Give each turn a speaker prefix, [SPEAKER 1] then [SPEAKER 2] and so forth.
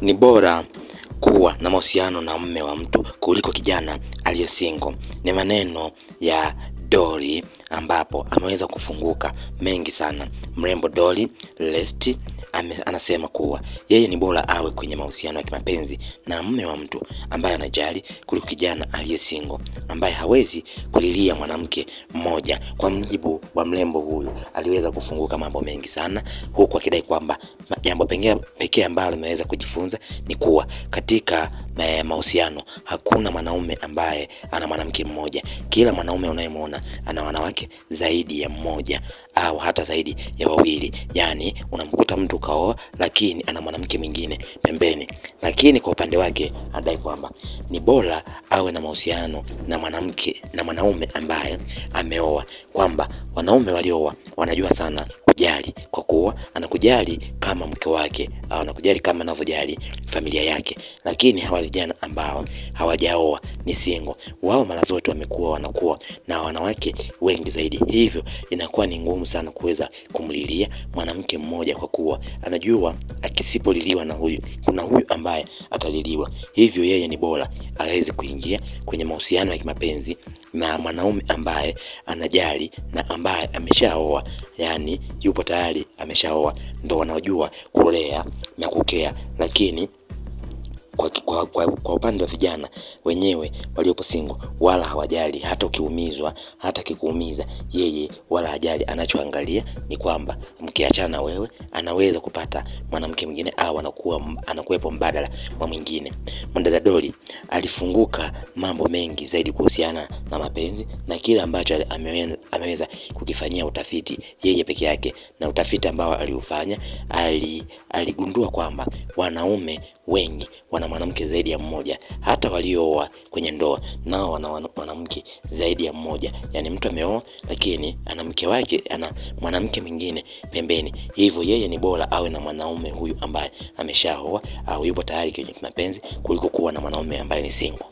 [SPEAKER 1] ni bora kuwa na mahusiano na mme wa mtu kuliko kijana aliye single. Ni maneno ya dori ambapo ameweza kufunguka mengi sana. Mrembo dori Lesti anasema kuwa yeye ni bora awe kwenye mahusiano ya kimapenzi na mume wa mtu ambaye anajali kuliko kijana aliye single ambaye hawezi kulilia mwanamke mmoja. Kwa mjibu wa mrembo huyu, aliweza kufunguka mambo mengi sana, huku akidai kwamba jambo pekee ambalo ameweza kujifunza ni kuwa katika mahusiano hakuna mwanaume ambaye ana mwanamke mmoja. Kila mwanaume unayemwona ana wanawake zaidi ya mmoja au hata zaidi ya wawili, yani unamkuta mtu wakaoa, lakini ana mwanamke mwingine pembeni. Lakini kwa upande wake anadai kwamba ni bora awe na mahusiano na mwanamke na mwanaume ambaye ameoa, kwamba wanaume walioa wanajua sana kujali, kwa kuwa anakujali kama mke wake au anakujali kama anavyojali familia yake, lakini hawa vijana ambao hawajaoa ni single, wao mara zote wamekuwa wanakuwa na wanawake wengi zaidi, hivyo inakuwa ni ngumu sana kuweza kumlilia mwanamke mmoja, kwa kuwa anajua akisipoliliwa na huyu kuna huyu ambaye ataliliwa, hivyo yeye ni bora aweze kuingia kwenye mahusiano ya kimapenzi na mwanaume ambaye anajali na ambaye ameshaoa, yani yupo tayari ameshaoa, ndo wanaojua kulea na kukea, lakini Quack, kwa, kwa, kwa upande wa vijana wenyewe waliopo single wala hawajali, hata ukiumizwa, hata kikuumiza yeye wala hajali. Anachoangalia ni kwamba mkiachana wewe anaweza kupata mwanamke mwingine au anakuwa anakuwepo mbadala wa mwingine. Mdada Doli alifunguka mambo mengi zaidi kuhusiana na mapenzi na kile ambacho ameweza, ameweza kukifanyia utafiti yeye peke yake, na utafiti ambao aliufanya aligundua kwamba wanaume wengi wana mwanamke mwanamke zaidi ya mmoja. Hata waliooa kwenye ndoa nao wana mwanamke zaidi ya mmoja, yani mtu ameoa lakini ana mke wake, ana mwanamke mwingine pembeni, hivyo yeye ni bora awe na mwanaume huyu ambaye ameshaoa au yupo tayari kwenye mapenzi kuliko kuwa na mwanaume ambaye ni single.